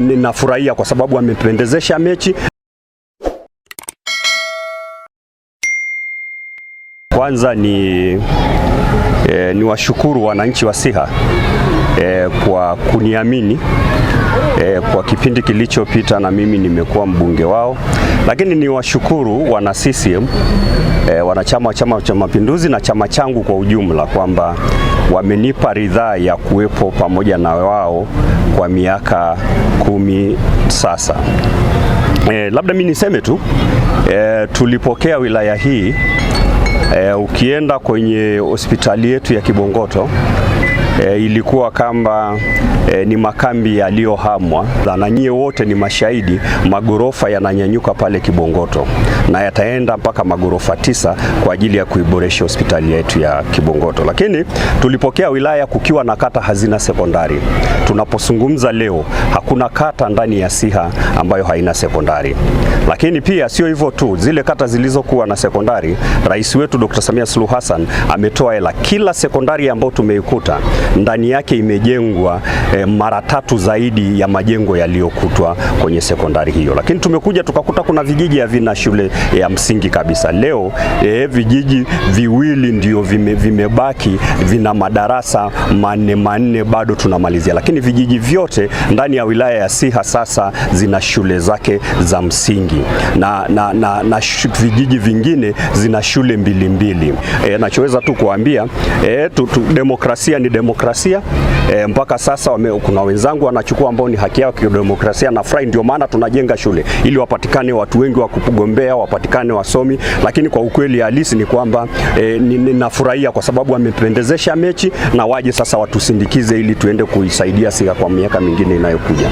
Ninafurahia kwa sababu amependezesha mechi. Kwanza ni, eh, ni washukuru wananchi wa Siha e, kwa kuniamini e, kwa kipindi kilichopita na mimi nimekuwa mbunge wao, lakini niwashukuru wana CCM e, eh, wanachama wa Chama cha Mapinduzi na chama changu kwa ujumla kwamba wamenipa ridhaa ya kuwepo pamoja na wao kwa miaka kumi sasa. E, labda mi niseme tu e, tulipokea wilaya hii e, ukienda kwenye hospitali yetu ya Kibongoto e, ilikuwa kama e, eh, ni makambi yaliyohamwa, na nyie wote ni mashahidi. Magorofa yananyanyuka pale Kibongoto na yataenda mpaka magorofa tisa kwa ajili ya kuiboresha hospitali yetu ya Kibongoto. Lakini tulipokea wilaya kukiwa na kata hazina sekondari. tunaposungumza leo, hakuna kata ndani ya Siha ambayo haina sekondari. Lakini pia sio hivyo tu, zile kata zilizokuwa na sekondari, rais wetu Dr. Samia Suluhu Hassan ametoa hela kila sekondari ambayo tumeikuta ndani yake imejengwa e, mara tatu zaidi ya majengo yaliyokutwa kwenye sekondari hiyo. Lakini tumekuja tukakuta kuna vijiji havina shule ya msingi kabisa. Leo e, vijiji viwili ndio vime, vimebaki vina madarasa manne manne, bado tunamalizia, lakini vijiji vyote ndani ya wilaya ya Siha sasa zina shule zake za msingi na, na, na, na vijiji vingine zina shule mbili mbili. E, nachoweza tu kuambia e, tu, tu, demokrasia ni demokrasia kidemokrasia e, eh, mpaka sasa wame, kuna wenzangu wanachukua ambao ni haki yao kidemokrasia na Ndio maana tunajenga shule ili wapatikane watu wengi wa kugombea, wapatikane wasomi, lakini kwa ukweli halisi ni kwamba e, eh, ninafurahia kwa sababu wamependezesha mechi na waje sasa watusindikize ili tuende kuisaidia Siha kwa miaka mingine inayokuja.